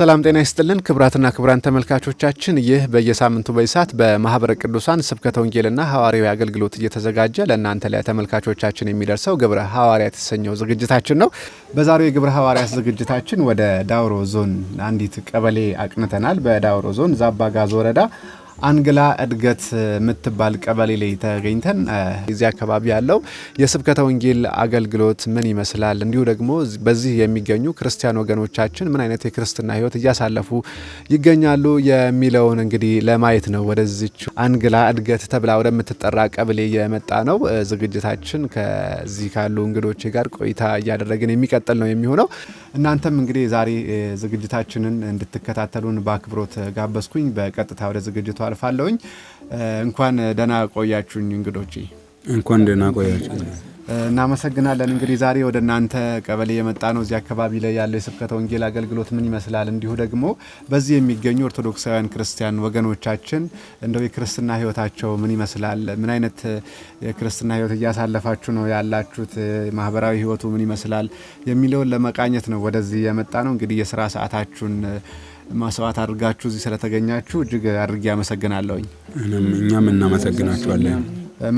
ሰላም ጤና ይስጥልን ክብራትና ክብራን ተመልካቾቻችን፣ ይህ በየሳምንቱ በይሳት በማኅበረ በማህበረ ቅዱሳን ስብከተ ወንጌልና ሐዋርያዊ አገልግሎት እየተዘጋጀ ለእናንተ ላይ ተመልካቾቻችን የሚደርሰው ግብረ ሐዋርያ የተሰኘው ዝግጅታችን ነው። በዛሬው የግብረ ሐዋርያት ዝግጅታችን ወደ ዳውሮ ዞን አንዲት ቀበሌ አቅንተናል። በዳውሮ ዞን ዛባጋዝ ወረዳ አንግላ እድገት የምትባል ቀበሌ ላይ ተገኝተን እዚህ አካባቢ ያለው የስብከተ ወንጌል አገልግሎት ምን ይመስላል፣ እንዲሁ ደግሞ በዚህ የሚገኙ ክርስቲያን ወገኖቻችን ምን አይነት የክርስትና ህይወት እያሳለፉ ይገኛሉ የሚለውን እንግዲህ ለማየት ነው ወደዚች አንግላ እድገት ተብላ ወደምትጠራ ቀበሌ የመጣ ነው። ዝግጅታችን ከዚህ ካሉ እንግዶች ጋር ቆይታ እያደረግን የሚቀጥል ነው የሚሆነው። እናንተም እንግዲህ ዛሬ ዝግጅታችንን እንድትከታተሉን በአክብሮት ጋበዝኩኝ። በቀጥታ ወደ ዝግጅቷ አልፋለሁኝ። እንኳን ደህና ቆያችሁኝ እንግዶቼ። እንኳን ደህና ቆያችሁ። እናመሰግናለን። እንግዲህ ዛሬ ወደ እናንተ ቀበሌ የመጣ ነው። እዚህ አካባቢ ላይ ያለው የስብከተ ወንጌል አገልግሎት ምን ይመስላል፣ እንዲሁ ደግሞ በዚህ የሚገኙ ኦርቶዶክሳውያን ክርስቲያን ወገኖቻችን እንደው የክርስትና ሕይወታቸው ምን ይመስላል፣ ምን አይነት የክርስትና ሕይወት እያሳለፋችሁ ነው ያላችሁት፣ ማህበራዊ ሕይወቱ ምን ይመስላል የሚለውን ለመቃኘት ነው ወደዚህ የመጣ ነው። እንግዲህ የስራ ሰዓታችሁን መስዋዕት አድርጋችሁ እዚህ ስለተገኛችሁ እጅግ አድርጌ አመሰግናለሁኝ። እኛም እናመሰግናችኋለን።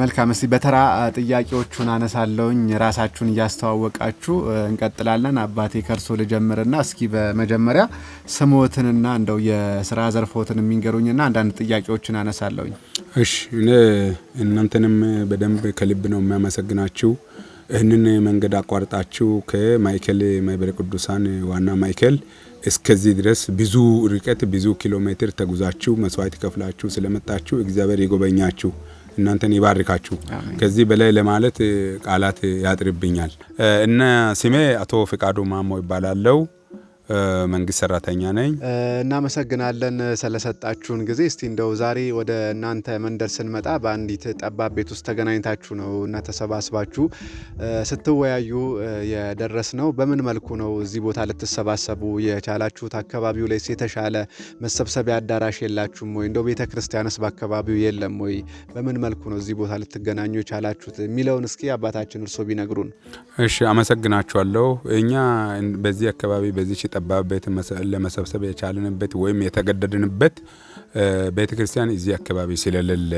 መልካም። እስቲ በተራ ጥያቄዎቹን አነሳለሁኝ። ራሳችሁን እያስተዋወቃችሁ እንቀጥላለን። አባቴ ከእርሶ ልጀምርና እስኪ በመጀመሪያ ስሞትንና እንደው የስራ ዘርፎትን የሚንገሩኝና አንዳንድ ጥያቄዎችን አነሳለሁኝ። እሺ፣ እኔ እናንተንም በደንብ ከልብ ነው የሚያመሰግናችሁ። ይህንን መንገድ አቋርጣችሁ ከማይከል ማህበረ ቅዱሳን ዋና ማዕከል እስከዚህ ድረስ ብዙ ርቀት ብዙ ኪሎ ሜትር ተጉዛችሁ መስዋዕት ከፍላችሁ ስለመጣችሁ እግዚአብሔር ይጎበኛችሁ፣ እናንተን ይባርካችሁ። ከዚህ በላይ ለማለት ቃላት ያጥርብኛል እና ስሜ አቶ ፍቃዱ ማሞ ይባላለው። መንግስት ሰራተኛ ነኝ። እናመሰግናለን ስለሰጣችሁን ጊዜ። እስቲ እንደው ዛሬ ወደ እናንተ መንደር ስንመጣ በአንዲት ጠባብ ቤት ውስጥ ተገናኝታችሁ ነው እና ተሰባስባችሁ ስትወያዩ የደረስ ነው። በምን መልኩ ነው እዚህ ቦታ ልትሰባሰቡ የቻላችሁት? አካባቢው ላይ የተሻለ መሰብሰቢያ አዳራሽ የላችሁም ወይ? እንደው ቤተ ክርስቲያንስ በአካባቢው የለም ወይ? በምን መልኩ ነው እዚህ ቦታ ልትገናኙ የቻላችሁት የሚለውን እስኪ አባታችን እርሶ ቢነግሩን። እሺ፣ አመሰግናችኋለሁ። እኛ በዚህ አካባቢ በዚህ ጠባብ ቤት ለመሰብሰብ የቻልንበት ወይም የተገደድንበት ቤተ ክርስቲያን እዚህ አካባቢ ስለሌለ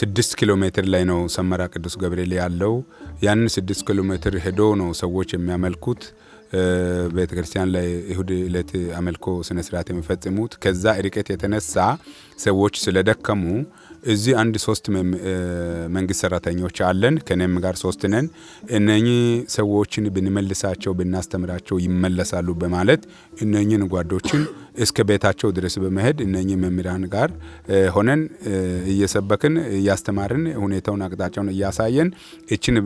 ስድስት ኪሎ ሜትር ላይ ነው ሰመራ ቅዱስ ገብርኤል ያለው። ያንን ስድስት ኪሎ ሜትር ሄዶ ነው ሰዎች የሚያመልኩት ቤተ ክርስቲያን ላይ እሁድ ዕለት አመልኮ ስነስርዓት የሚፈጽሙት። ከዛ ርቀት የተነሳ ሰዎች ስለደከሙ እዚህ አንድ ሶስት መንግስት ሰራተኞች አለን። ከኔም ጋር ሶስት ነን። እነኚህ ሰዎችን ብንመልሳቸው ብናስተምራቸው ይመለሳሉ በማለት እነኚህን ጓዶችን እስከ ቤታቸው ድረስ በመሄድ እነኚህ መምህራን ጋር ሆነን እየሰበክን እያስተማርን ሁኔታውን አቅጣጫውን እያሳየን እችን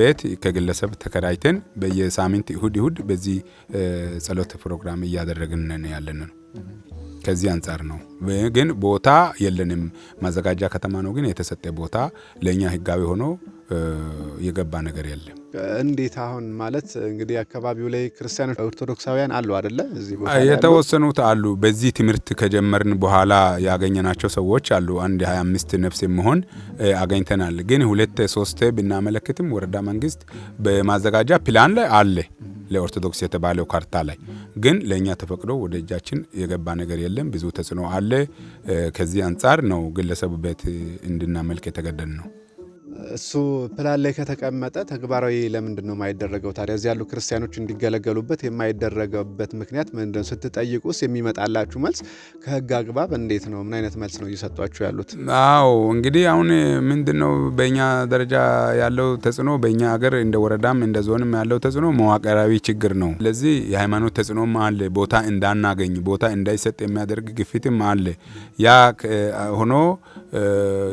ቤት ከግለሰብ ተከራይተን በየሳምንት እሁድ እሁድ በዚህ ጸሎት ፕሮግራም እያደረግን ያለን ነው። ከዚህ አንጻር ነው። ግን ቦታ የለንም። ማዘጋጃ ከተማ ነው፣ ግን የተሰጠ ቦታ ለእኛ ህጋዊ ሆኖ የገባ ነገር የለም። እንዴት አሁን ማለት እንግዲህ አካባቢው ላይ ክርስቲያኖች ኦርቶዶክሳውያን አሉ አደለ? እዚህ ቦታ የተወሰኑት አሉ። በዚህ ትምህርት ከጀመርን በኋላ ያገኘናቸው ሰዎች አሉ። አንድ 25 ነፍስ መሆን አገኝተናል። ግን ሁለት ሶስት ብናመለክትም ወረዳ መንግስት በማዘጋጃ ፕላን ላይ አለ ለኦርቶዶክስ የተባለው ካርታ ላይ ግን ለእኛ ተፈቅዶ ወደ እጃችን የገባ ነገር የለም። አይደለም፣ ብዙ ተጽዕኖ አለ። ከዚህ አንጻር ነው ግለሰቡ ቤት እንድናመልክ የተገደድ ነው። እሱ ፕላን ላይ ከተቀመጠ ተግባራዊ ለምንድን ነው የማይደረገው? ታዲያ እዚህ ያሉ ክርስቲያኖች እንዲገለገሉበት የማይደረገበት ምክንያት ምንድን ስትጠይቁስ የሚመጣላችሁ መልስ ከህግ አግባብ እንዴት ነው? ምን አይነት መልስ ነው እየሰጧችሁ ያሉት? አዎ እንግዲህ አሁን ምንድን ነው በእኛ ደረጃ ያለው ተጽዕኖ፣ በእኛ ሀገር እንደ ወረዳም እንደ ዞንም ያለው ተጽዕኖ መዋቅራዊ ችግር ነው። ስለዚህ የሃይማኖት ተጽዕኖም አለ። ቦታ እንዳናገኝ ቦታ እንዳይሰጥ የሚያደርግ ግፊትም አለ። ያ ሆኖ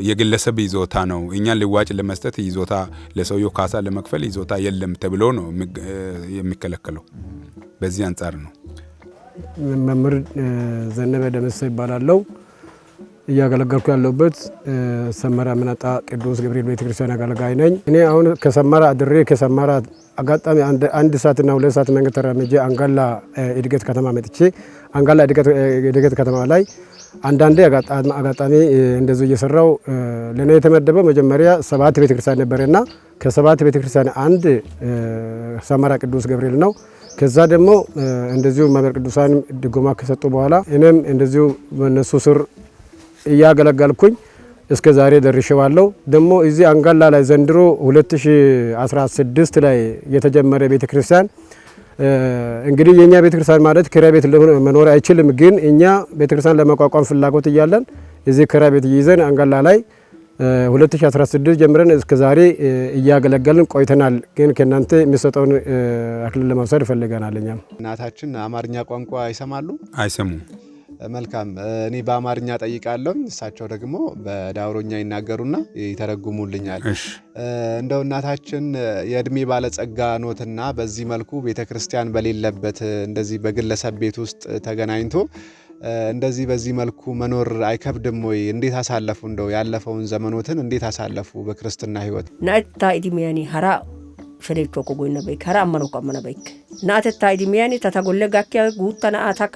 የግለሰብ ይዞታ ነው እኛ ልዋጭ ለመስጠት ይዞታ ለሰውየው ካሳ ለመክፈል ይዞታ የለም ተብሎ ነው የሚከለከለው። በዚህ አንጻር ነው። መምህር ዘነበ ደመሰ ይባላለው። እያገለገልኩ ያለሁበት ሰመራ መነጣ ቅዱስ ገብርኤል ቤተክርስቲያን አገልጋይ ነኝ። እኔ አሁን ከሰመራ አድሬ ከሰመራ አጋጣሚ አንድ ሰዓትና ሁለት ሰዓት መንገድ ተራምጄ አንጋላ እድገት ከተማ መጥቼ አንጋላ እድገት ከተማ ላይ አንዳንዴ አጋጣሚ እንደዚሁ እየሰራው ለእኔ የተመደበው መጀመሪያ ሰባት ቤተክርስቲያን ነበረና ከሰባት ቤተክርስቲያን አንድ ሰመራ ቅዱስ ገብርኤል ነው። ከዛ ደግሞ እንደዚሁ ማህበረ ቅዱሳን ድጎማ ከሰጡ በኋላ እኔም እንደዚሁ በነሱ ስር እያገለገልኩኝ እስከ ዛሬ ደርሼ ባለው ደግሞ እዚህ አንጋላ ላይ ዘንድሮ 2016 ላይ የተጀመረ ቤተክርስቲያን እንግዲህ የኛ ቤተክርስቲያን ማለት ክራይ ቤት መኖር አይችልም። ግን እኛ ቤተክርስቲያን ለመቋቋም ፍላጎት እያለን እዚህ ክራይ ቤት ይዘን አንጋላ ላይ 2016 ጀምረን እስከ ዛሬ እያገለገልን ቆይተናል። ግን ከእናንተ የሚሰጠውን አክልል ለመውሰድ ፈልገናል። እኛም እናታችን አማርኛ ቋንቋ አይሰማሉ አይሰሙ መልካም እኔ በአማርኛ ጠይቃለሁ፣ እሳቸው ደግሞ በዳውሮኛ ይናገሩና ይተረጉሙልኛል። እንደው እናታችን የእድሜ ባለጸጋ ኖትና በዚህ መልኩ ቤተ ክርስቲያን በሌለበት እንደዚህ በግለሰብ ቤት ውስጥ ተገናኝቶ እንደዚህ በዚህ መልኩ መኖር አይከብድም ወይ? እንዴት አሳለፉ? እንደው ያለፈውን ዘመኖትን እንዴት አሳለፉ በክርስትና ህይወት ናታ ኢድሚያኒ ሀራ ሸሌቾ ቆጎይነበይክ ሀራ አመነኮ አመነበይክ ናአተታ እድሜያን ተተጎለ ጋኪያ ጉታ ናአ ታካ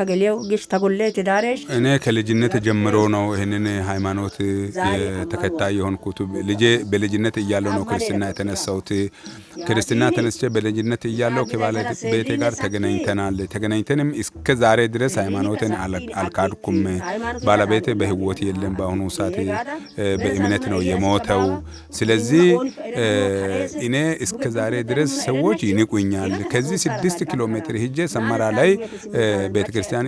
ግሽ ተጎለ ትዳሬሽ እኔ ከልጅነት ጀምሮ ነው ይህንን ሃይማኖት ተከታይ የሆንኩት። ልጄ በልጅነት እያለው ነው ክርስትና የተነሳውት። ክርስትና ተነስቼ በልጅነት እያለው ከባለቤቴ ጋር ተገናኝተናል። ተገናኝተንም እስከ ዛሬ ድረስ ሃይማኖትን አልካድኩም። ባለቤቴ በህይወት የለም። በአሁኑ ሰዓት በእምነት ነው የሞተው። ስለዚህ እኔ እስከ ዛሬ ድረስ ሰዎች ይንቁኛል። ከዚህ ስድስት ኪሎ ሜትር ሂጄ ሰመራ ላይ ቤተ ክርስቲያን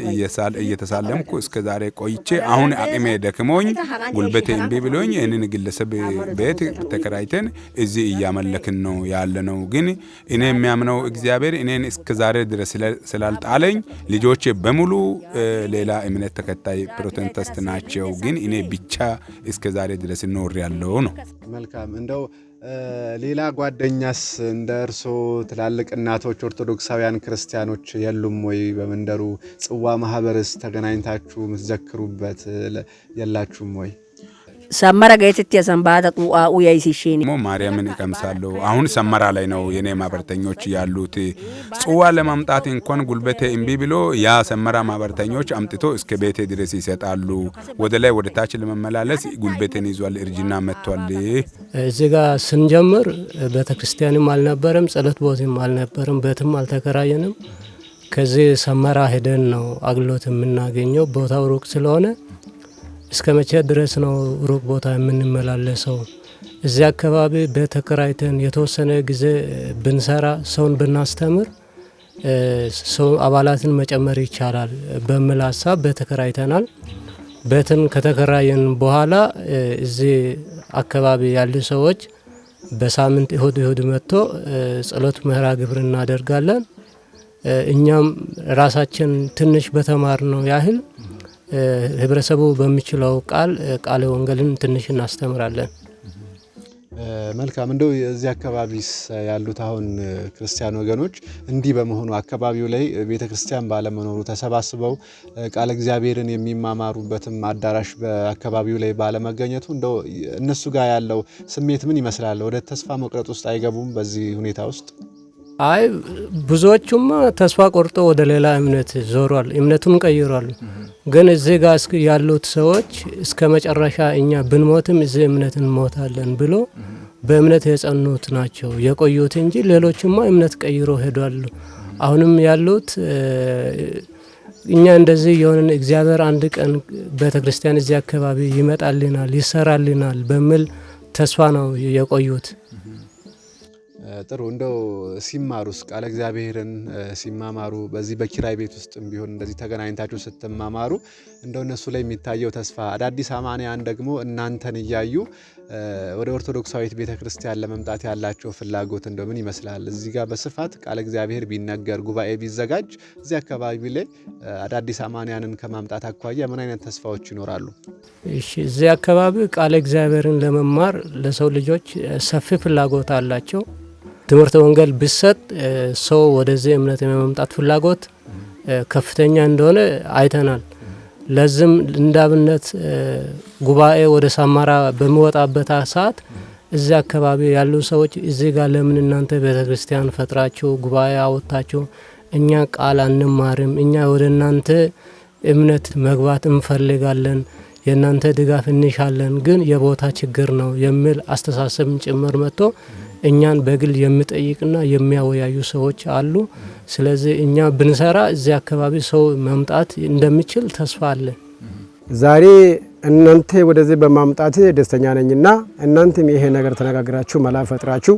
እየተሳለምኩ እስከ ዛሬ ቆይቼ አሁን አቅሜ ደክሞኝ ጉልበቴ እምቢ ብሎኝ ይህንን ግለሰብ ቤት ተከራይተን እዚህ እያመለክን ነው ያለ ነው። ግን እኔ የሚያምነው እግዚአብሔር እኔን እስከ ዛሬ ድረስ ስላልጣለኝ ልጆቼ በሙሉ ሌላ እምነት ተከታይ ፕሮቴስታንት ናቸው። ግን እኔ ብቻ እስከ ዛሬ ድረስ እኖር ያለው ነው። መልካም እንደው ሌላ ጓደኛስ እንደ እርሶ ትላልቅ እናቶች ኦርቶዶክሳውያን ክርስቲያኖች የሉም ወይ? በመንደሩ ጽዋ ማህበርስ ተገናኝታችሁ የምትዘክሩበት የላችሁም ወይ? ሰመረ ገትት የሰንባተ ጡቃ ኡያይሲሽን ሞ ማርያምን እቀምሳለሁ። አሁን ሰመራ ላይ ነው የኔ ማህበርተኞች ያሉት። ጽዋ ለማምጣት እንኳን ጉልበቴ እምቢ ብሎ ያ ሰመራ ማህበርተኞች አምጥቶ እስከ ቤቴ ድረስ ይሰጣሉ። ወደ ላይ ወደ ታች ለመመላለስ ጉልበቴን ይዟል። እርጅና መጥቷል። እዚህ ጋ ስንጀምር ቤተ ክርስቲያንም አልነበረም፣ ጸሎት ቦትም አልነበረም፣ ቤትም አልተከራየንም። ከዚህ ሰመራ ሄደን ነው አግሎት የምናገኘው ቦታው ሩቅ ስለሆነ እስከ መቼ ድረስ ነው ሩቅ ቦታ የምንመላለሰው? እዚያ አካባቢ በተከራይተን የተወሰነ ጊዜ ብንሰራ ሰውን ብናስተምር ሰው አባላትን መጨመር ይቻላል በሚል ሀሳብ በተከራይተናል። በትን ከተከራየን በኋላ እዚህ አካባቢ ያሉ ሰዎች በሳምንት እሁድ እሁድ መጥቶ ጸሎት ምህራ ግብር እናደርጋለን። እኛም ራሳችን ትንሽ በተማር ነው ያህል ህብረተሰቡ በሚችለው ቃል ቃለ ወንጌልን ትንሽ እናስተምራለን። መልካም እንደው እዚህ አካባቢስ ያሉት አሁን ክርስቲያን ወገኖች እንዲህ በመሆኑ አካባቢው ላይ ቤተ ክርስቲያን ባለመኖሩ ተሰባስበው ቃለ እግዚአብሔርን የሚማማሩበትም አዳራሽ በአካባቢው ላይ ባለመገኘቱ እንደው እነሱ ጋር ያለው ስሜት ምን ይመስላል? ወደ ተስፋ መቁረጥ ውስጥ አይገቡም በዚህ ሁኔታ ውስጥ? አይ ብዙዎቹም ተስፋ ቆርጦ ወደ ሌላ እምነት ዞሯል፣ እምነቱን ቀይሯል። ግን እዚህ ጋር ያሉት ሰዎች እስከ መጨረሻ እኛ ብንሞትም እዚህ እምነት እንሞታለን ብሎ በእምነት የጸኑት ናቸው የቆዩት እንጂ ሌሎችማ እምነት ቀይሮ ሄዷሉ። አሁንም ያሉት እኛ እንደዚህ የሆንን እግዚአብሔር አንድ ቀን ቤተ ክርስቲያን እዚህ አካባቢ ይመጣልናል፣ ይሰራልናል በሚል ተስፋ ነው የቆዩት። ጥሩ እንደው ሲማሩስ ቃለ እግዚአብሔርን ሲማማሩ በዚህ በኪራይ ቤት ውስጥም ቢሆን እንደዚህ ተገናኝታችሁ ስትማማሩ እንደው እነሱ ላይ የሚታየው ተስፋ አዳዲስ አማንያን ደግሞ እናንተን እያዩ ወደ ኦርቶዶክሳዊት ቤተ ክርስቲያን ለመምጣት ያላቸው ፍላጎት እንደው ምን ይመስላል? እዚህ ጋር በስፋት ቃለ እግዚአብሔር ቢነገር ጉባኤ ቢዘጋጅ እዚህ አካባቢ ላይ አዳዲስ አማንያንን ከማምጣት አኳያ ምን አይነት ተስፋዎች ይኖራሉ? እሺ፣ እዚህ አካባቢ ቃለ እግዚአብሔርን ለመማር ለሰው ልጆች ሰፊ ፍላጎት አላቸው። ትምህርተ ወንጌል ብሰጥ ሰው ወደዚህ እምነት የመምጣት ፍላጎት ከፍተኛ እንደሆነ አይተናል። ለዚህም እንዳብነት ጉባኤ ወደ ሳማራ በሚወጣበት ሰዓት እዚህ አካባቢ ያሉ ሰዎች እዚህ ጋር ለምን እናንተ ቤተ ክርስቲያን ፈጥራችሁ ጉባኤ አወጥታችሁ እኛ ቃል አንማርም፣ እኛ ወደ እናንተ እምነት መግባት እንፈልጋለን፣ የእናንተ ድጋፍ እንሻለን፣ ግን የቦታ ችግር ነው የሚል አስተሳሰብ ጭምር መጥቶ እኛን በግል የሚጠይቅና የሚያወያዩ ሰዎች አሉ። ስለዚህ እኛ ብንሰራ እዚህ አካባቢ ሰው መምጣት እንደሚችል ተስፋ አለን። ዛሬ እናንተ ወደዚህ በማምጣት ደስተኛ ነኝና እናንተም ይሄ ነገር ተነጋግራችሁ መላ ፈጥራችሁ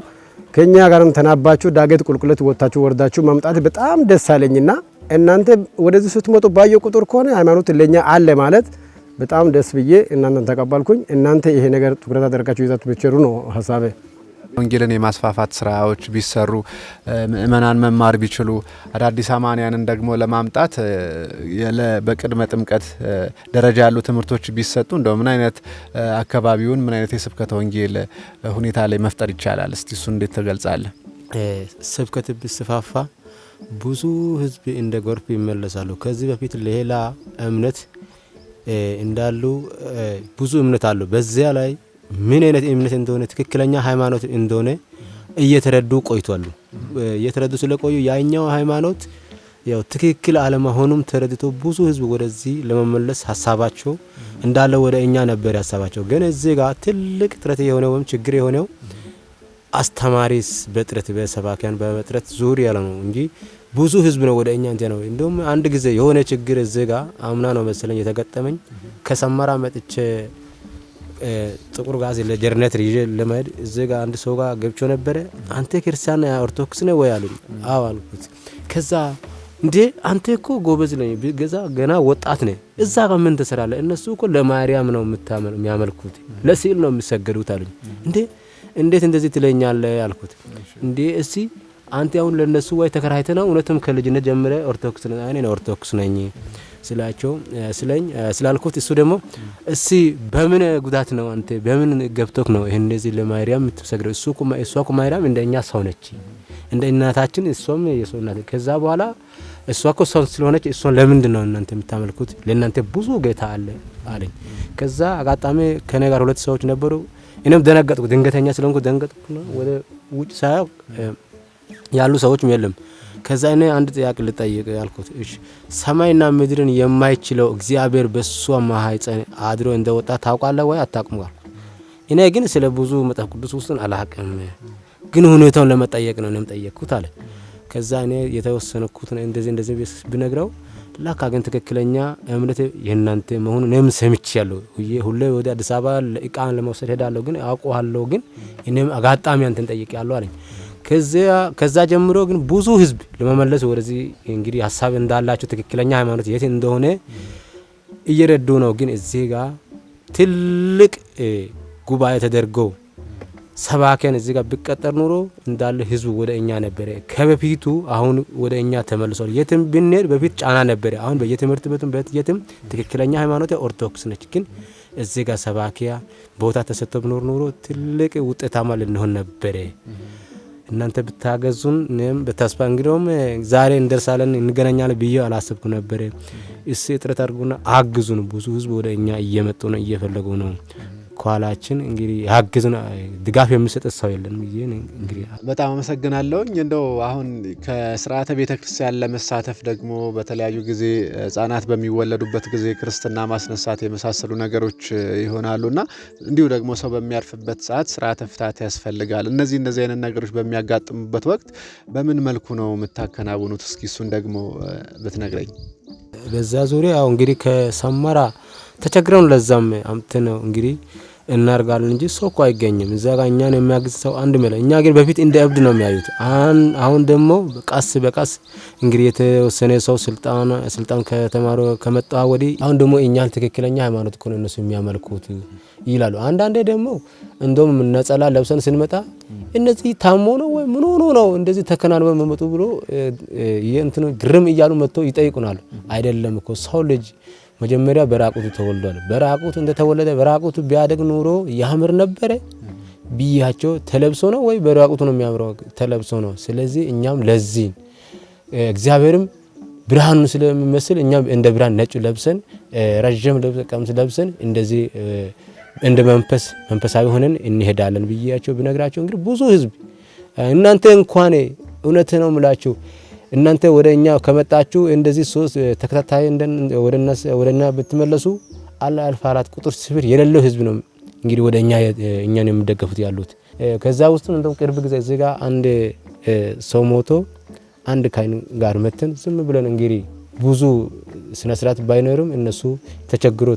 ከኛ ጋርም ተናባችሁ ዳገት ቁልቁለት ወጥታችሁ ወርዳችሁ መምጣት በጣም ደስ አለኝና እናንተ ወደዚህ ስትመጡ ባየ ቁጥር ከሆነ ሃይማኖት ለኛ አለ ማለት በጣም ደስ ብዬ እናንተን ተቀባልኩኝ። እናንተ ይሄ ነገር ትኩረት አደረጋችሁ ይዛችሁ ብትቸሩ ነው ሀሳቤ። ወንጌልን የማስፋፋት ስራዎች ቢሰሩ፣ ምእመናን መማር ቢችሉ፣ አዳዲስ አማንያንን ደግሞ ለማምጣት በቅድመ ጥምቀት ደረጃ ያሉ ትምህርቶች ቢሰጡ እንደው ምን አይነት አካባቢውን ምን አይነት የስብከተ ወንጌል ሁኔታ ላይ መፍጠር ይቻላል? እስቲ እሱ እንዴት ትገልጻለ? ስብከት ቢስፋፋ ብዙ ህዝብ እንደ ጎርፍ ይመለሳሉ። ከዚህ በፊት ሌላ እምነት እንዳሉ ብዙ እምነት አሉ። በዚያ ላይ ምን አይነት እምነት እንደሆነ ትክክለኛ ሃይማኖት እንደሆነ እየተረዱ ቆይቷሉ። እየተረዱ ስለቆዩ ያኛው ሃይማኖት ያው ትክክል አለመሆኑም ተረድቶ ብዙ ህዝብ ወደዚህ ለመመለስ ሀሳባቸው እንዳለ ወደ እኛ ነበር ያሳባቸው። ግን እዚህ ጋር ትልቅ ጥረት የሆነው ወይም ችግር የሆነው አስተማሪስ በጥረት በሰባኪያን በጥረት ዙሪያ ነው እንጂ ብዙ ህዝብ ነው ወደ እኛ እንት ነው። እንደውም አንድ ጊዜ የሆነ ችግር እዚህ ጋር አምና ነው መሰለኝ የተገጠመኝ ከሰመራ መጥቼ ጥቁር ጋዝ ለጀርነት ይዤ ለመሄድ እዚ ጋ አንድ ሰው ጋር ገብቾ ነበረ። አንተ ክርስቲያን ኦርቶዶክስ ነህ ወይ አሉኝ። አዎ አልኩት። ከዛ እንዴ አንተ እኮ ጎበዝ ነኝ ገዛ ገና ወጣት ነህ፣ እዛ ጋ ምን ትሰራለህ? እነሱ እኮ ለማርያም ነው የሚያመልኩት፣ ለስዕል ነው የሚሰገዱት አሉኝ። እንዴ እንዴት እንደዚህ ትለኛለ? አልኩት። እንዴ እስቲ አንተ አሁን ለእነሱ ወይ ተከራይተ ነው እውነትም ከልጅነት ጀምረ ኦርቶዶክስ ነህ? እኔ ኦርቶዶክስ ነኝ ስላቸው ስለኝ ስላልኩት እሱ ደግሞ እሲ በምን ጉዳት ነው አንተ በምን ገብቶክ ነው ይሄን እንደዚህ ለማርያም የምትሰግደው? እሱ ቁማ እሷ ቁ ማርያም እንደኛ ሰው ነች እንደ እናታችን እሷም የሰው እናት። ከዛ በኋላ እሷ እኮ ሰው ስለሆነች እሷን ለምንድን ነው እናንተ የምታመልኩት? ለእናንተ ብዙ ጌታ አለ አለኝ። ከዛ አጋጣሚ ከኔ ጋር ሁለት ሰዎች ነበሩ። እኔም ደነገጥኩ፣ ድንገተኛ ስለሆንኩ ደንገጥኩ። ወደ ውጭ ሳያው ያሉ ሰዎችም የለም ከዛ እኔ አንድ ጥያቄ ልጠይቅ ያልኩት እሺ፣ ሰማይና ምድርን የማይችለው እግዚአብሔር በእሷ ማህፀን አድሮ እንደወጣ ታውቃለ ወይ አታውቅም? እኔ ግን ስለ ብዙ መጽሐፍ ቅዱስ ውስጥን አላውቅም፣ ግን ሁኔታውን ለመጠየቅ ነው እኔም ጠየቅኩት አለ። ከዛ እኔ የተወሰነኩትን እንደዚህ እንደዚህ ብነግረው ላካ ግን ትክክለኛ እምነት የእናንተ መሆኑ እኔም ያለው ሁሌ ወደ አዲስ አበባ እቃን ለመውሰድ ሄዳለሁ፣ ግን አውቀዋለሁ፣ ግን እኔም አጋጣሚ አንተን ያለው አለኝ። ከዛ ጀምሮ ግን ብዙ ህዝብ ለመመለስ ወደዚህ እንግዲህ ሀሳብ እንዳላቸው ትክክለኛ ሃይማኖት የት እንደሆነ እየረዱ ነው። ግን እዚህ ጋር ትልቅ ጉባኤ ተደርጎ ሰባከን እዚህ ጋር ቢቀጠር ኑሮ እንዳለ ህዝቡ ወደ እኛ ነበረ ከበፊቱ። አሁን ወደ እኛ ተመልሷል። የትም ብንሄድ በፊት ጫና ነበረ። አሁን በየትምህርት ቤቱም በየትም ትክክለኛ ሃይማኖት ኦርቶዶክስ ነች። ግን እዚህ ጋር ሰባኪያ ቦታ ተሰጥቶ ብኖር ኑሮ ትልቅ ውጤታማ ልንሆን ነበረ። እናንተ ብታገዙን በተስፋ እንግዲሁም ዛሬ እንደርሳለን እንገናኛለን ብዬ አላሰብኩ ነበር። እስ ጥረት አድርጉና አግዙን። ብዙ ህዝብ ወደ እኛ እየመጡ ነው፣ እየፈለጉ ነው። ከኋላችን እንግዲህ ያግዝ ድጋፍ የምሰጥ ሰው የለንም። እንግዲህ በጣም አመሰግናለሁኝ። እንደው አሁን ከስርዓተ ቤተ ክርስቲያን ለመሳተፍ ደግሞ በተለያዩ ጊዜ ህጻናት በሚወለዱበት ጊዜ ክርስትና ማስነሳት የመሳሰሉ ነገሮች ይሆናሉና እንዲሁ ደግሞ ሰው በሚያርፍበት ሰዓት ስርዓተ ፍታት ያስፈልጋል። እነዚህ እነዚህ አይነት ነገሮች በሚያጋጥሙበት ወቅት በምን መልኩ ነው የምታከናውኑት? እስኪ እሱን ደግሞ ብትነግረኝ። በዛ ዙሪያ ያው እንግዲህ ከሰመራ ተቸግረውን ለዛም አምት ነው እንግዲህ እናርጋለን እንጂ ሰው እኮ አይገኝም እዛ ጋር እኛን የሚያግዝ ሰው አንድ መለ እኛ ግን በፊት እንደ እብድ ነው የሚያዩት። አሁን ደግሞ ቀስ በቀስ እንግዲህ የተወሰነ ሰው ስልጣን ስልጣን ከመጣ ወዲህ አሁን ደግሞ እኛን ትክክለኛ ሃይማኖት እኮ ነው እነሱ የሚያመልኩት ይላሉ። አንዳንዴ ደግሞ እንደውም ነጸላ ለብሰን ስንመጣ እነዚህ ታሞ ነው ወይ ምን ሆኖ ነው እንደዚህ ተከናንበው መመጡ ብሎ ይህ ግርም እያሉ መጥተው ይጠይቁናል። አይደለም እኮ ሰው ልጅ መጀመሪያ በራቁቱ ተወልዷል። በራቁቱ እንደተወለደ በራቁቱ ቢያደግ ኑሮ ያምር ነበረ ብያቸው። ተለብሶ ነው ወይ በራቁቱ ነው የሚያምረው? ተለብሶ ነው። ስለዚህ እኛም ለዚህ እግዚአብሔርም ብርሃኑን ስለሚመስል እኛም እንደ ብርሃን ነጭ ለብሰን ረዥም ቀሚስ ለብሰን እንደዚህ እንደ መንፈስ መንፈሳዊ ሆነን እንሄዳለን ብያቸው ብነግራቸው እንግዲህ ብዙ ህዝብ እናንተ እንኳን እውነት ነው የምላችሁ። እናንተ ወደ እኛ ከመጣችሁ እንደዚህ ሶስት ተከታታይ ወደና ብትመለሱ አለ አልፍ አራት ቁጥር ስብር የሌለው ህዝብ ነው እንግዲህ ወደ እኛ ነው የሚደገፉት ያሉት። ከዛ ውስጥ እንደውም ቅርብ ጊዜ እዚህ ጋር አንድ ሰው ሞቶ አንድ ካይን ጋር መተን ዝም ብለን እንግዲህ ብዙ ስነ ስርዓት ባይኖርም እነሱ ተቸግሮ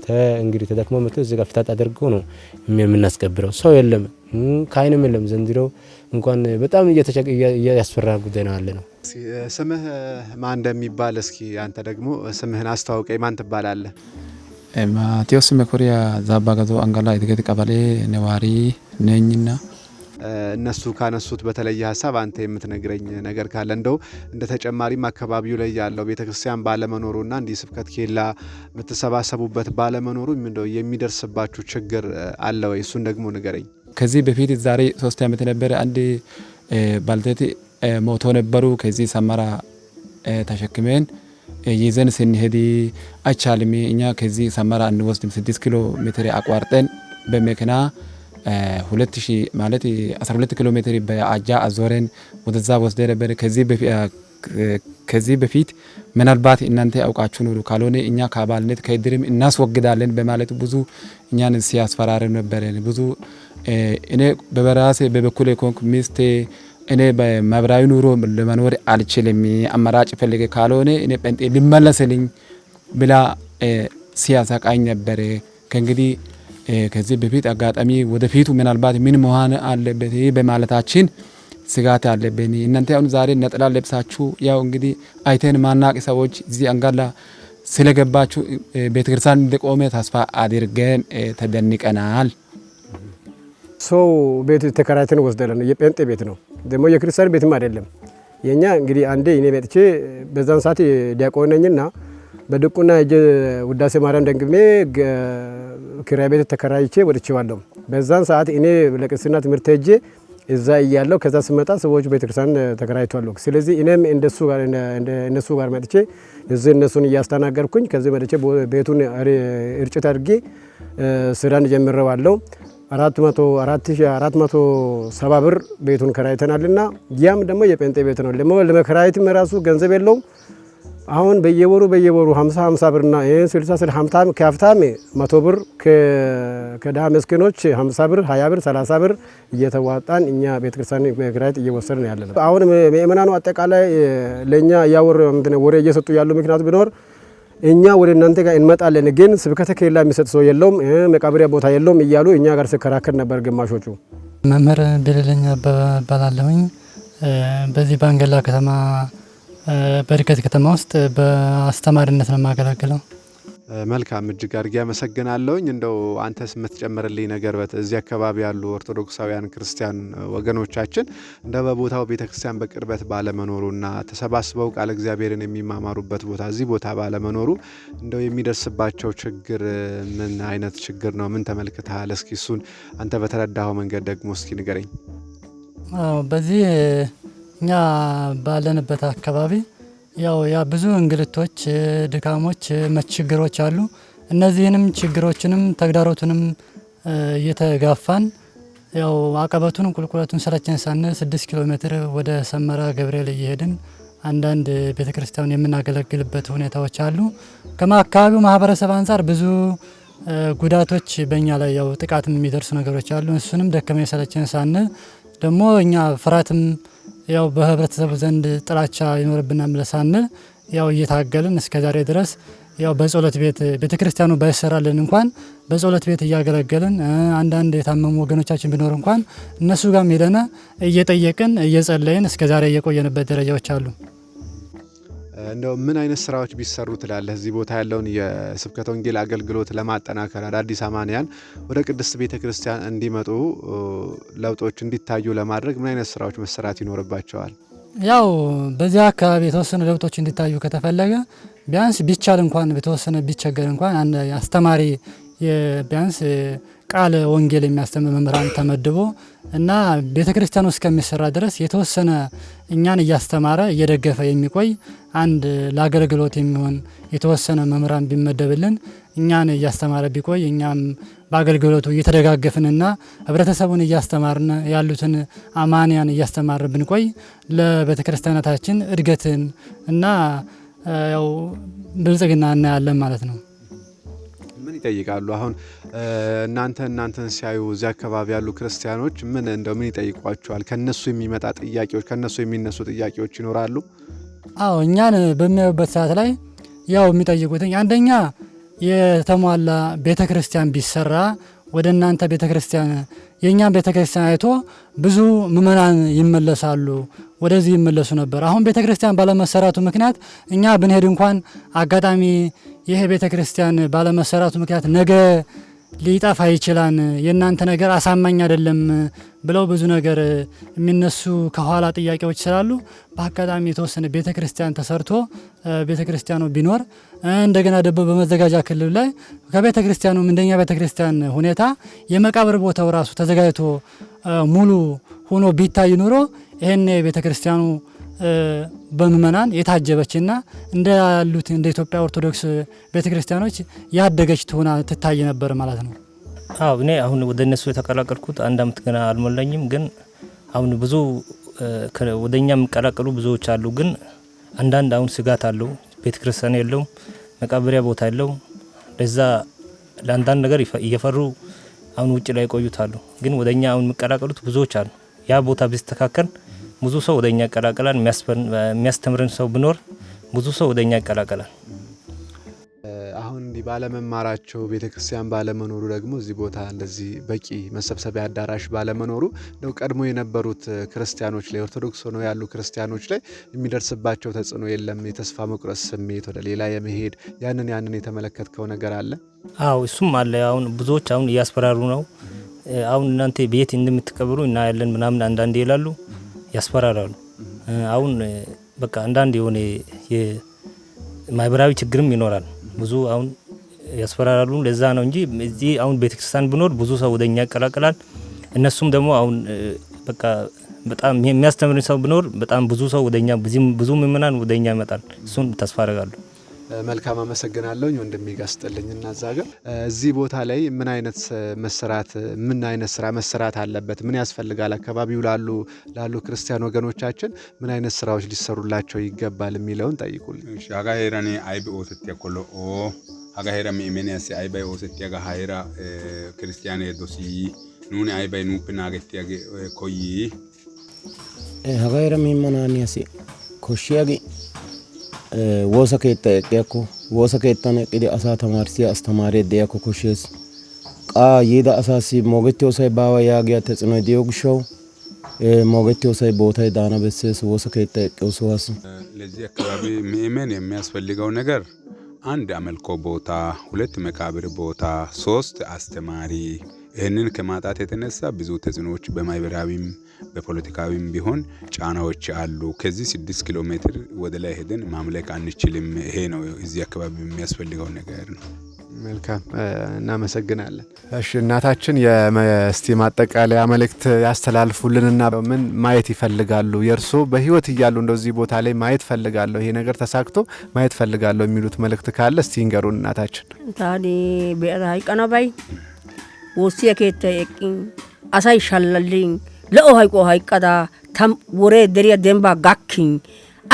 እንግዲህ ተደክሞ መጥቶ እዚህ ጋር ፍታት አድርገው ነው የምናስቀብረው። ሰው የለም፣ ካይንም የለም ዘንድሮ እንኳን በጣም እያስፈራ ጉዳይ ነው ያለ ነው። ስምህ ማን እንደሚባል እስኪ አንተ ደግሞ ስምህን አስተዋውቀኝ። ማን ትባላለህ? ማቴዎስ መኩሪያ ዛባ ገዞ አንጋላ የተገት ቀበሌ ነዋሪ ነኝና እነሱ ካነሱት በተለየ ሀሳብ አንተ የምትነግረኝ ነገር ካለ እንደው እንደ ተጨማሪም አካባቢው ላይ ያለው ቤተክርስቲያን ባለመኖሩና እንዲህ ስብከት ኬላ የምትሰባሰቡበት ባለመኖሩ እንደው የሚደርስባችሁ ችግር አለ ወይ? እሱን ደግሞ ንገረኝ። ከዚህ በፊት ዛሬ ሶስት ዓመት የነበረ አንድ ባልቴት ሞቶ ነበሩ። ከዚህ ሰመራ ተሸክመን ይዘን ስንሄድ አቻልሜ እኛ ከዚህ ሰመራ እንወስድም ስድስት ኪሎ ሜትር አቋርጠን በመኪና ሁለት ሺህ ማለት 12 ኪሎ ሜትር በአጃ አዞረን ወደዛ ወስደ ነበር። ከዚህ በፊት ምናልባት እናንተ ያውቃችሁ ኖሩ ካልሆነ እኛ ከአባልነት ከእድርም እናስወግዳለን በማለት ብዙ እኛን ሲያስፈራረ ነበረን። ብዙ እኔ በበራሴ በበኩሌ ኮንክ ሚስቴ እኔ በማህበራዊ ኑሮ ለመኖር አልችልም፣ አማራጭ ፈልጌ ካልሆነ እኔ ጴንጤ ልመለስልኝ ብላ ሲያሳቃኝ ነበረ ከእንግዲህ ከዚህ በፊት አጋጣሚ ወደፊቱ ምናልባት ምን መሆን አለበት በማለታችን ስጋት አለብን። እናንተ አሁን ዛሬ ነጠላ ለብሳችሁ ያው እንግዲህ አይተን ማናቅ ሰዎች እዚህ አንጋላ ስለገባችሁ ቤተክርስቲያን እንደቆመ ተስፋ አድርገን ተደንቀናል። ሰው ቤት ተከራይተን ወስደለን የጴንጤ ቤት ነው ደግሞ የክርስቲያን ቤትም አይደለም የእኛ እንግዲህ አንዴ እኔ መጥቼ በዛን ሰዓት ዲያቆን ነኝና በድቁና እጅ ውዳሴ ማርያም ደንግሜ ክራይ ቤት ተከራይቼ ወጥቼዋለሁ። በዛን ሰዓት እኔ ለቅስና ትምህርት ሄጄ እዛ እያለሁ ከዛ ስመጣ ሰዎች ቤተክርስቲያን ተከራይቷለሁ። ስለዚህ እኔም እነሱ ጋር መጥቼ እዚህ እነሱን እያስተናገርኩኝ ከዚህ መጥቼ ቤቱን እርጭት አድርጌ ስራን ጀምረዋለሁ። አራት መቶ ሰባ ብር ቤቱን ከራይተናልና ያም ደግሞ የጴንጤ ቤት ነው። ለመከራየትም ራሱ ገንዘብ የለውም አሁን በየወሩ በየወሩ 50 50 ብርና ይሄን 60 60 ሀምታም ከሀብታም 100 ብር ከድሃ መስኪኖች 50 ብር 20 ብር 30 ብር እየተዋጣን እኛ ቤተክርስቲያን በግራይት እየወሰድን ያለ ነው። አሁን ምእመናኑ አጠቃላይ ለእኛ እያወረ ወሬ እየሰጡ ያሉ ምክንያቱ ቢኖር እኛ ወደ እናንተ ጋር እንመጣለን ግን ስብከተ ከሌላ የሚሰጥ ሰው የለውም መቃብሪያ ቦታ የለውም እያሉ እኛ ጋር ስከራከር ነበር። ግማሾቹ መምህር ቢልልኝ እባላለሁኝ በዚህ ባንገላ ከተማ በድገት ከተማ ውስጥ በአስተማሪነት ነው የማገለግለው። መልካም እጅግ አድርጌ አመሰግናለሁኝ። እንደው አንተስ የምትጨምርልኝ ነገር በት እዚህ አካባቢ ያሉ ኦርቶዶክሳውያን ክርስቲያን ወገኖቻችን እንደ በቦታው ቤተክርስቲያን በቅርበት ባለመኖሩና ተሰባስበው ቃለ እግዚአብሔርን የሚማማሩበት ቦታ እዚህ ቦታ ባለመኖሩ እንደው የሚደርስባቸው ችግር ምን አይነት ችግር ነው? ምን ተመልክተሃል? እስኪ እሱን አንተ በተረዳኸው መንገድ ደግሞ እስኪ ንገረኝ። በዚህ እኛ ባለንበት አካባቢ ያው ያ ብዙ እንግልቶች፣ ድካሞች፣ ችግሮች አሉ። እነዚህንም ችግሮችንም ተግዳሮቱንም እየተጋፋን ያው አቀበቱን ቁልቁለቱን ስራችን ሳነ ስድስት ኪሎ ሜትር ወደ ሰመራ ገብርኤል እየሄድን አንዳንድ ቤተ ክርስቲያን የምናገለግልበት ሁኔታዎች አሉ። ከአካባቢው ማህበረሰብ አንጻር ብዙ ጉዳቶች በእኛ ላይ ያው ጥቃትም የሚደርሱ ነገሮች አሉ። እሱንም ደከመ ሰለቸን ሳነ ደግሞ እኛ ፍራትም ያው በህብረተሰቡ ዘንድ ጥላቻ ይኖርብናል ብለን ሳንል ያው እየታገልን እስከ ዛሬ ድረስ ያው በጸሎት ቤት ቤተ ክርስቲያኑ ባይሰራልን እንኳን በጸሎት ቤት እያገለገልን አንዳንድ የታመሙ ወገኖቻችን ቢኖር እንኳን እነሱ ጋር ሄደን እየጠየቅን እየጸለይን እስከ ዛሬ እየቆየንበት ደረጃዎች አሉ። እንደው ምን አይነት ስራዎች ቢሰሩ ትላለህ? እዚህ ቦታ ያለውን የስብከተ ወንጌል አገልግሎት ለማጠናከር አዳዲስ አማንያን ወደ ቅድስት ቤተ ክርስቲያን እንዲመጡ ለውጦች እንዲታዩ ለማድረግ ምን አይነት ስራዎች መሰራት ይኖርባቸዋል? ያው በዚያ አካባቢ የተወሰነ ለውጦች እንዲታዩ ከተፈለገ ቢያንስ ቢቻል እንኳን በተወሰነ ቢቸገር እንኳን አንድ አስተማሪ ቢያንስ ቃለ ወንጌል የሚያስተምር መምህራን ተመድቦ እና ቤተ ክርስቲያኑ እስከሚሰራ ድረስ የተወሰነ እኛን እያስተማረ እየደገፈ የሚቆይ አንድ ለአገልግሎት የሚሆን የተወሰነ መምህራን ቢመደብልን እኛን እያስተማረ ቢቆይ እኛም በአገልግሎቱ እየተደጋገፍንና ህብረተሰቡን እያስተማርን ያሉትን አማንያን እያስተማር ብንቆይ ለቤተ ክርስቲያናታችን እድገትን እና ያው ብልጽግና እናያለን ማለት ነው። ይጠይቃሉ። አሁን እናንተ እናንተን ሲያዩ እዚህ አካባቢ ያሉ ክርስቲያኖች ምን እንደው ምን ይጠይቋቸዋል? ከነሱ የሚመጣ ጥያቄዎች ከነሱ የሚነሱ ጥያቄዎች ይኖራሉ። አዎ እኛን በሚያዩበት ሰዓት ላይ ያው የሚጠይቁትኝ አንደኛ የተሟላ ቤተ ክርስቲያን ቢሰራ ወደ እናንተ ቤተ ክርስቲያን የእኛም ቤተ ክርስቲያን አይቶ ብዙ ምእመናን ይመለሳሉ፣ ወደዚህ ይመለሱ ነበር። አሁን ቤተ ክርስቲያን ባለመሰራቱ ምክንያት እኛ ብንሄድ እንኳን አጋጣሚ ይሄ ቤተ ክርስቲያን ባለመሰራቱ ምክንያት ነገ ሊጠፋ ይችላል፣ የእናንተ ነገር አሳማኝ አይደለም ብለው ብዙ ነገር የሚነሱ ከኋላ ጥያቄዎች ስላሉ በአጋጣሚ የተወሰነ ቤተ ክርስቲያን ተሰርቶ ቤተ ክርስቲያኑ ቢኖር እንደገና ደግሞ በመዘጋጃ ክልል ላይ ከቤተ ክርስቲያኑ እንደኛ ቤተ ክርስቲያን ሁኔታ የመቃብር ቦታው ራሱ ተዘጋጅቶ ሙሉ ሆኖ ቢታይ ኑሮ ይህን የቤተ ክርስቲያኑ በምእመናን የታጀበችና እንዳሉት እንደ ኢትዮጵያ ኦርቶዶክስ ቤተክርስቲያኖች ያደገች ትሆና ትታይ ነበር ማለት ነው። አዎ እኔ አሁን ወደ እነሱ የተቀላቀልኩት አንድ አመት ገና አልሞላኝም። ግን አሁን ብዙ ወደ እኛ የሚቀላቀሉ ብዙዎች አሉ። ግን አንዳንድ አሁን ስጋት አለው። ቤተክርስቲያን የለውም፣ መቃብሪያ ቦታ የለውም። ለዛ ለአንዳንድ ነገር እየፈሩ አሁን ውጭ ላይ ቆዩታሉ። ግን ወደ እኛ አሁን የሚቀላቀሉት ብዙዎች አሉ። ያ ቦታ ቢስተካከል ብዙ ሰው እኛ ያቀላቀላል። የሚያስተምርን ሰው ብኖር ብዙ ሰው እኛ ያቀላቀላል። አሁን እንዲህ ባለመማራቸው ቤተክርስቲያን ባለመኖሩ ደግሞ እዚህ ቦታ እንደዚህ በቂ መሰብሰቢያ አዳራሽ ባለመኖሩ እንደው ቀድሞ የነበሩት ክርስቲያኖች ላይ ኦርቶዶክስ ሆነው ያሉ ክርስቲያኖች ላይ የሚደርስባቸው ተጽዕኖ የለም። የተስፋ መቁረጥ ስሜት ወደ ሌላ የመሄድ ያንን ያንን የተመለከትከው ነገር አለ? አዎ እሱም አለ። አሁን ብዙዎች አሁን እያስፈራሩ ነው። አሁን እናንተ ቤት እንደምትቀብሩ እና ያለን ምናምን አንዳንዴ ይላሉ ያስፈራራሉ። አሁን በቃ አንዳንድ የሆነ የማህበራዊ ችግርም ይኖራል። ብዙ አሁን ያስፈራራሉ። ለዛ ነው እንጂ እዚህ አሁን ቤተክርስቲያን ብኖር ብዙ ሰው ወደኛ ይቀላቀላል። እነሱም ደግሞ አሁን በቃ በጣም የሚያስተምር ሰው ብኖር በጣም ብዙ ሰው ወደኛ ብዙ ምእመናን ወደኛ ይመጣል። እሱን ተስፋ አደርጋለሁ። መልካም አመሰግናለሁኝ ወንድሜ ጋስጥልኝ እና እዛ ሀገር እዚህ ቦታ ላይ ምን አይነት መሰራት ምን አይነት ስራ መሰራት አለበት? ምን ያስፈልጋል? አካባቢው ላሉ ላሉ ክርስቲያን ወገኖቻችን ምን አይነት ስራዎች ሊሰሩላቸው ይገባል የሚለውን ጠይቁልኝ። ሀጋ ሄራኒ አይብ ኦትት ያኮሎ ሀጋ ሄራ ሚሜንያስ አይባይ ኦትት ያጋ ሀይራ ክርስቲያን ዶሲ ኑኔ አይባይ ኑፕና ገት ናገት ኮይ ሀጋ ሄራ ሚመናኒያስ ኮሽያጊ woosa keettaa eqqiyakko woosa keettan eqqidi asaa tamaarissiya astamaaree de'iyakko koshshees. Qa yiida asaassi moogettiyoosay baawa yaagiya texinoy diyo gishshawu ሞገቴውሳይ ቦታ ዳና በሴስ ወሰ ከይታ ቀውሰዋስ ለዚህ አካባቢ ምእመን የሚያስፈልገው ነገር አንድ አመልኮ ቦታ፣ ሁለት መቃብር ቦታ፣ ሶስት አስተማሪ ይህንን ከማጣት የተነሳ ብዙ ተጽዕኖዎች በማህበራዊም በፖለቲካዊም ቢሆን ጫናዎች አሉ። ከዚህ ስድስት ኪሎ ሜትር ወደ ላይ ሄደን ማምለክ አንችልም። ይሄ ነው እዚህ አካባቢ የሚያስፈልገው ነገር ነው። መልካም እናመሰግናለን። እሺ እናታችን የስቲ ማጠቃለያ መልእክት ያስተላልፉልንና ምን ማየት ይፈልጋሉ? የእርሶ በህይወት እያሉ እንደዚህ ቦታ ላይ ማየት ፈልጋለሁ፣ ይሄ ነገር ተሳክቶ ማየት ፈልጋለሁ የሚሉት መልእክት ካለ እስቲ ይንገሩን እናታችን። ታዲ ብሔራዊ ቀኖባይ woossiya keettay eqqin asay shallallin lo"o hayquwa hayqqada ta woree deriya dembbaa gakkin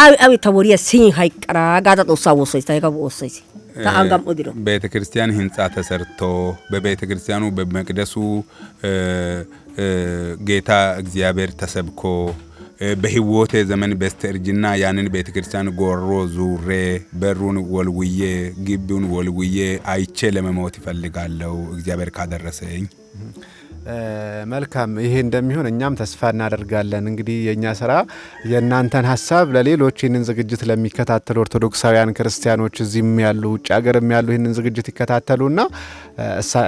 awi awi ta woriya siyin hayqqara gaada xoossaa woossays ta hegaa woossays ta an gam odiro ቤተ ክርስቲያን ህንፃ ተሰርቶ በቤተ ክርስቲያኑ በመቅደሱ ጌታ እግዚአብሔር ተሰብኮ በህይወቴ ዘመን በስተእርጅና ያንን ቤተክርስቲያን ጎሮ ዙሬ በሩን ወልውዬ ግቢውን ወልውዬ አይቼ ለመሞት ይፈልጋለው እግዚአብሔር ካደረሰኝ መልካም ይሄ እንደሚሆን እኛም ተስፋ እናደርጋለን። እንግዲህ የእኛ ስራ የእናንተን ሀሳብ ለሌሎች ይህንን ዝግጅት ለሚከታተሉ ኦርቶዶክሳውያን ክርስቲያኖች እዚህም ያሉ ውጭ ሀገርም ያሉ ይህንን ዝግጅት ይከታተሉና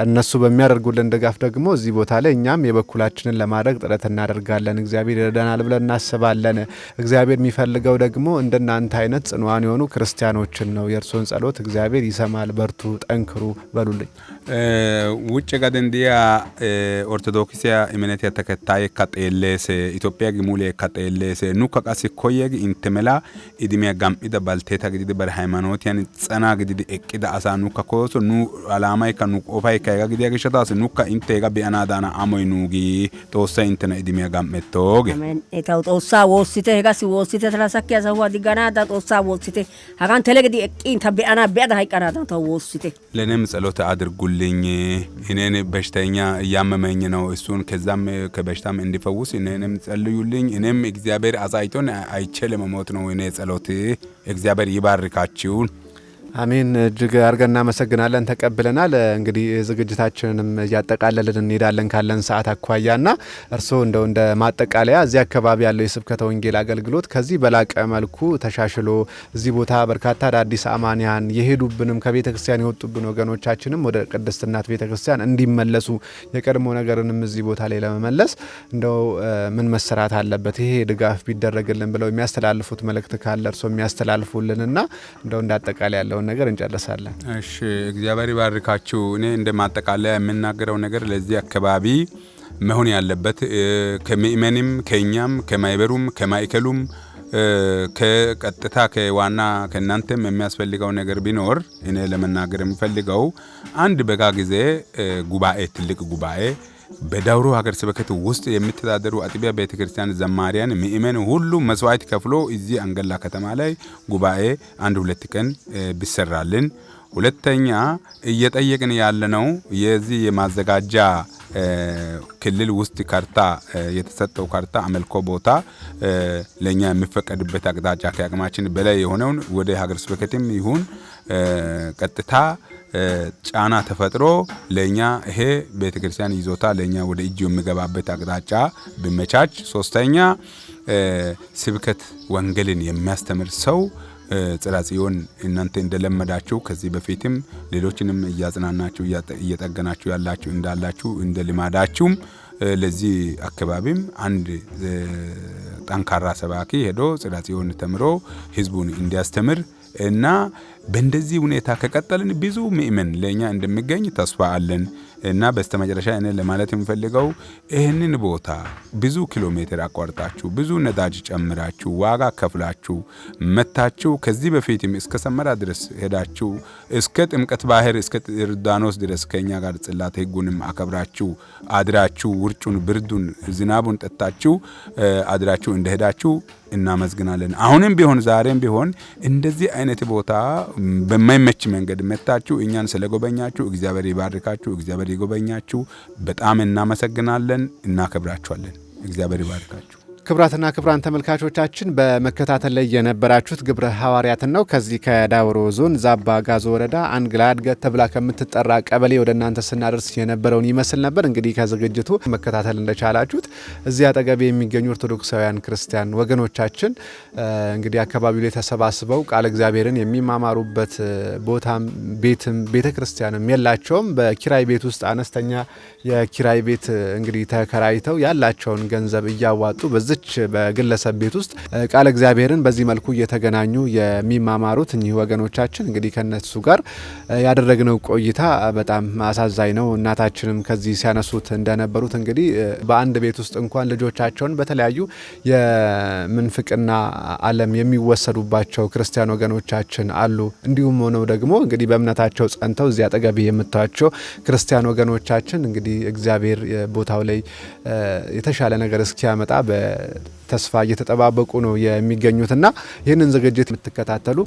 እነሱ በሚያደርጉልን ድጋፍ ደግሞ እዚህ ቦታ ላይ እኛም የበኩላችንን ለማድረግ ጥረት እናደርጋለን። እግዚአብሔር ይረዳናል ብለን እናስባለን። እግዚአብሔር የሚፈልገው ደግሞ እንደናንተ አይነት ጽንዋን የሆኑ ክርስቲያኖችን ነው። የእርስዎን ጸሎት እግዚአብሔር ይሰማል። በርቱ፣ ጠንክሩ በሉልኝ። ውጭ gaden diya ortodokisiya iminetiya tekettayekka xeellees itophiya gimuleekka xeellees nukka qassi koyegi intte mela idimiya gam"ida baltteeta gididi bari haymanotiyan tsana gididi eqqida asaa nukka koyoso nu alaamaykka nu qofaykka hegaa gidiya gishshataasi nukka intte hegaa be'anaadaana amoy nuugi xoossay inttena idimiya gam"ettooge etaw xoossaa woossite hegassi woossite tarasakkiya sahuwa digganaadan xoossaa woossite hagan tele gidi eqqin ta be'ana be'ada hayqqanaadan taw woossite lenem ጸሎተ አድርጉል ጸልይልኝ፣ እኔን በሽተኛ እያመመኝ ነው፣ እሱን ከዛም ከበሽታም እንዲፈውስ እኔንም ጸልዩልኝ። እኔም እግዚአብሔር አሳይቶን አይቼ ለመሞት ነው። እኔ ጸሎት እግዚአብሔር ይባርካችሁን። አሜን። እጅግ አድርገን እናመሰግናለን። ተቀብለናል። እንግዲህ ዝግጅታችንንም እያጠቃለልን እንሄዳለን ካለን ሰዓት አኳያ ና እርስዎ እንደው እንደ ማጠቃለያ እዚህ አካባቢ ያለው የስብከተ ወንጌል አገልግሎት ከዚህ በላቀ መልኩ ተሻሽሎ እዚህ ቦታ በርካታ አዳዲስ አማንያን የሄዱብንም ከቤተ ክርስቲያን የወጡብን ወገኖቻችንም ወደ ቅድስት እናት ቤተ ክርስቲያን እንዲመለሱ የቀድሞ ነገርንም እዚህ ቦታ ላይ ለመመለስ እንደው ምን መሰራት አለበት ይሄ ድጋፍ ቢደረግልን ብለው የሚያስተላልፉት መልእክት ካለ እርስዎ የሚያስተላልፉልን ና እንደው እንዳጠቃላይ ያለው ያለውን ነገር እንጨርሳለን። እሺ፣ እግዚአብሔር ይባርካችሁ። እኔ እንደ ማጠቃለያ የምናገረው ነገር ለዚህ አካባቢ መሆን ያለበት ከምእመንም ከእኛም ከማይበሩም ከማይከሉም ከቀጥታ ከዋና ከእናንተም የሚያስፈልገው ነገር ቢኖር እኔ ለመናገር የምፈልገው አንድ በጋ ጊዜ ጉባኤ ትልቅ ጉባኤ በዳውሮ ሀገር ስብከት ውስጥ የሚተዳደሩ አጥቢያ ቤተ ክርስቲያን ዘማሪያን ምእመን ሁሉ መስዋዕት ከፍሎ እዚህ አንገላ ከተማ ላይ ጉባኤ አንድ ሁለት ቀን ቢሰራልን። ሁለተኛ እየጠየቅን ያለነው የዚህ የማዘጋጃ ክልል ውስጥ ካርታ የተሰጠው ካርታ አመልኮ ቦታ ለእኛ የሚፈቀድበት አቅጣጫ ከአቅማችን በላይ የሆነውን ወደ ሀገር ስብከትም ይሁን ቀጥታ ጫና ተፈጥሮ ለእኛ ይሄ ቤተ ክርስቲያን ይዞታ ለእኛ ወደ እጅ የሚገባበት አቅጣጫ ብመቻች፣ ሶስተኛ ስብከት ወንጌልን የሚያስተምር ሰው ጽራጽዮን እናንተ እንደለመዳችሁ ከዚህ በፊትም ሌሎችንም እያጽናናችሁ እየጠገናችሁ ያላችሁ እንዳላችሁ እንደ ልማዳችሁም ለዚህ አካባቢም አንድ ጠንካራ ሰባኪ ሄዶ ጽራጽዮን ተምሮ ህዝቡን እንዲያስተምር እና በእንደዚህ ሁኔታ ከቀጠልን ብዙ ምእመን ለእኛ እንደሚገኝ ተስፋ አለን እና በስተመጨረሻ እኔ ለማለት የምፈልገው ይህንን ቦታ ብዙ ኪሎ ሜትር አቋርጣችሁ ብዙ ነዳጅ ጨምራችሁ ዋጋ ከፍላችሁ መታችሁ ከዚህ በፊትም እስከ ሰመራ ድረስ ሄዳችሁ እስከ ጥምቀት ባህር እስከ ዮርዳኖስ ድረስ ከእኛ ጋር ጽላት ህጉንም አከብራችሁ አድራችሁ ውርጩን፣ ብርዱን፣ ዝናቡን ጠታችሁ አድራችሁ እንደሄዳችሁ እናመዝግናለን። አሁንም ቢሆን ዛሬም ቢሆን እንደዚህ አይነት ቦታ በማይመች መንገድ መታችሁ እኛን ስለጎበኛችሁ እግዚአብሔር ይባርካችሁ፣ እግዚአብሔር ይጎበኛችሁ። በጣም እናመሰግናለን፣ እናከብራችኋለን። እግዚአብሔር ይባርካችሁ። ክብራትና ክብራን ተመልካቾቻችን በመከታተል ላይ የነበራችሁት ግብረ ሐዋርያትን ነው። ከዚህ ከዳውሮ ዞን ዛባ ጋዞ ወረዳ አንግላ እድገት ተብላ ከምትጠራ ቀበሌ ወደ እናንተ ስናደርስ የነበረውን ይመስል ነበር። እንግዲህ ከዝግጅቱ መከታተል እንደቻላችሁት እዚህ አጠገቤ የሚገኙ ኦርቶዶክሳውያን ክርስቲያን ወገኖቻችን እንግዲህ አካባቢው ላይ ተሰባስበው ቃለ እግዚአብሔርን የሚማማሩበት ቦታም ቤትም ቤተ ክርስቲያንም የላቸውም። በኪራይ ቤት ውስጥ አነስተኛ የኪራይ ቤት እንግዲህ ተከራይተው ያላቸውን ገንዘብ እያዋጡ በዚህ ሰዎች በግለሰብ ቤት ውስጥ ቃለ እግዚአብሔርን በዚህ መልኩ እየተገናኙ የሚማማሩት እኚህ ወገኖቻችን እንግዲህ ከነሱ ጋር ያደረግነው ቆይታ በጣም አሳዛኝ ነው። እናታችንም ከዚህ ሲያነሱት እንደነበሩት እንግዲህ በአንድ ቤት ውስጥ እንኳን ልጆቻቸውን በተለያዩ የምንፍቅና ዓለም የሚወሰዱባቸው ክርስቲያን ወገኖቻችን አሉ። እንዲሁም ሆነው ደግሞ እንግዲህ በእምነታቸው ጸንተው እዚያ አጠገቤ የምታቸው ክርስቲያን ወገኖቻችን እንግዲህ እግዚአብሔር ቦታው ላይ የተሻለ ነገር እስኪያመጣ ተስፋ እየተጠባበቁ ነው የሚገኙትና ይህንን ዝግጅት የምትከታተሉ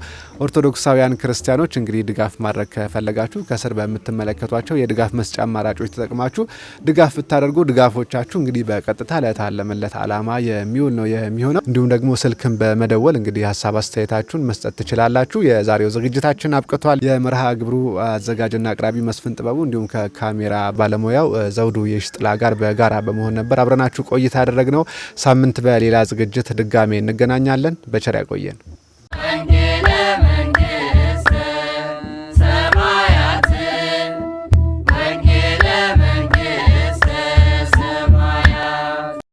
ኦርቶዶክሳውያን ክርስቲያኖች እንግዲህ ድጋፍ ማድረግ ከፈለጋችሁ ከስር በምትመለከቷቸው የድጋፍ መስጫ አማራጮች ተጠቅማችሁ ድጋፍ ብታደርጉ ድጋፎቻችሁ እንግዲህ በቀጥታ ለታለመለት ዓላማ የሚውል ነው የሚሆነው። እንዲሁም ደግሞ ስልክን በመደወል እንግዲህ ሀሳብ አስተያየታችሁን መስጠት ትችላላችሁ። የዛሬው ዝግጅታችን አብቅቷል። የመርሃ ግብሩ አዘጋጅና አቅራቢ መስፍን ጥበቡ እንዲሁም ከካሜራ ባለሙያው ዘውዱ የሽጥላ ጋር በጋራ በመሆን ነበር አብረናችሁ ቆይታ ያደረግነው። ሳምንት በሌላ ዝግጅት ድጋሜ እንገናኛለን። በቸር ያቆየን።